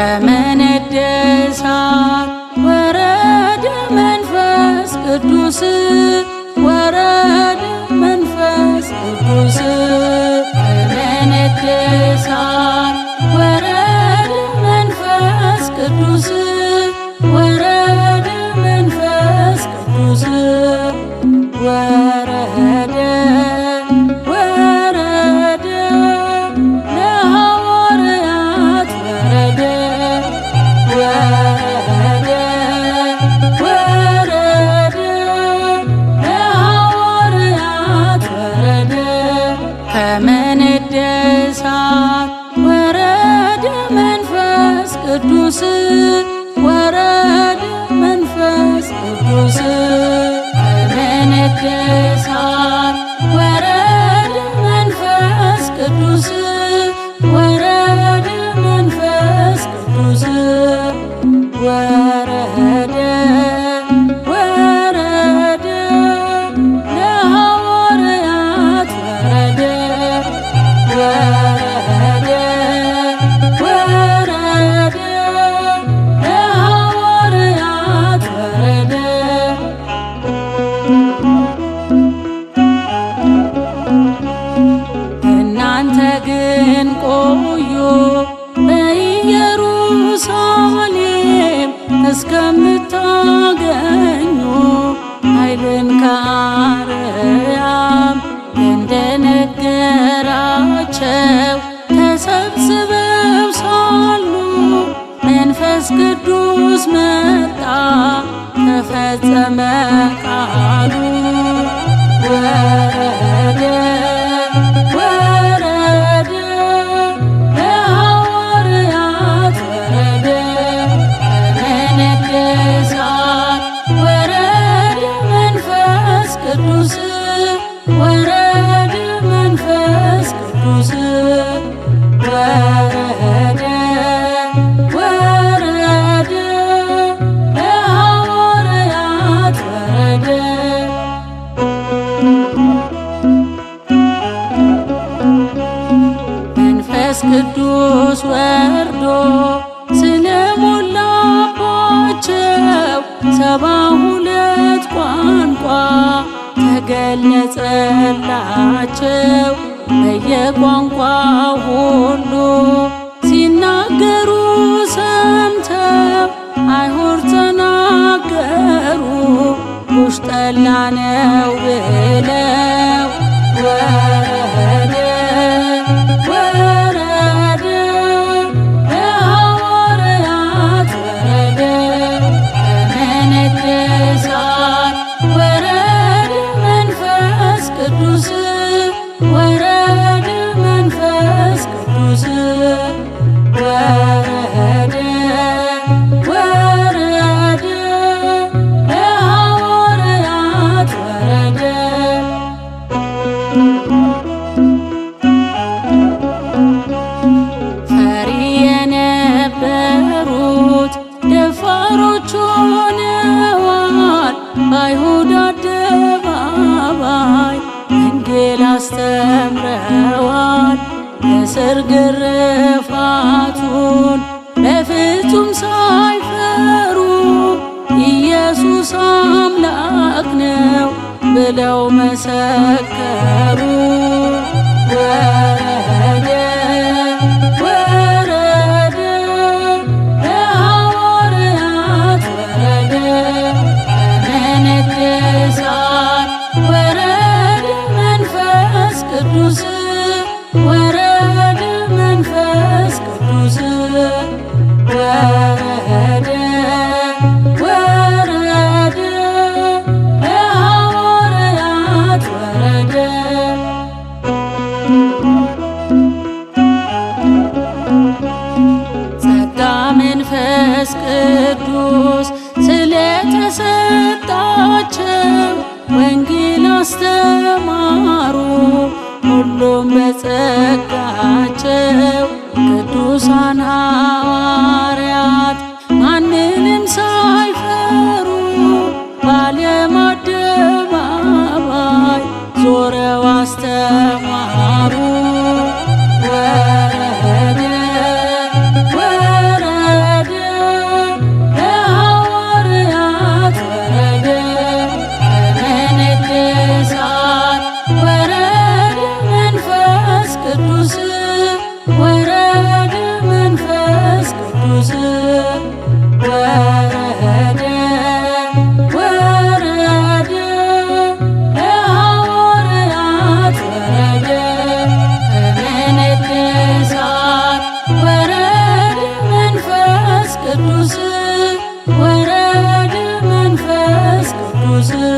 permanent. Yeah. ግን ቆዩ በኢየሩሳሌም እስከምታገኙ ኃይልን ከአርያም እንደነገራቸው ተሰብስበው ሳሉ መንፈስ ቅዱስ መጣ ተፈጸመ ቃሉ ቅዱስ ወርዶ ስለሞላባቸው ሰባ ሁለት ቋንቋ ተገለጸላቸው በየቋንቋ ሁሉ ጥፋቱን በፍጹም ሳይፈሩ ኢየሱስ አምላክ ነው ብለው መሰከሩ። ወረደ ወረደ መንፈስ ቅዱስ የሰጣቸው ወንጌል አስተማሩ ሁሉም በጸጋ music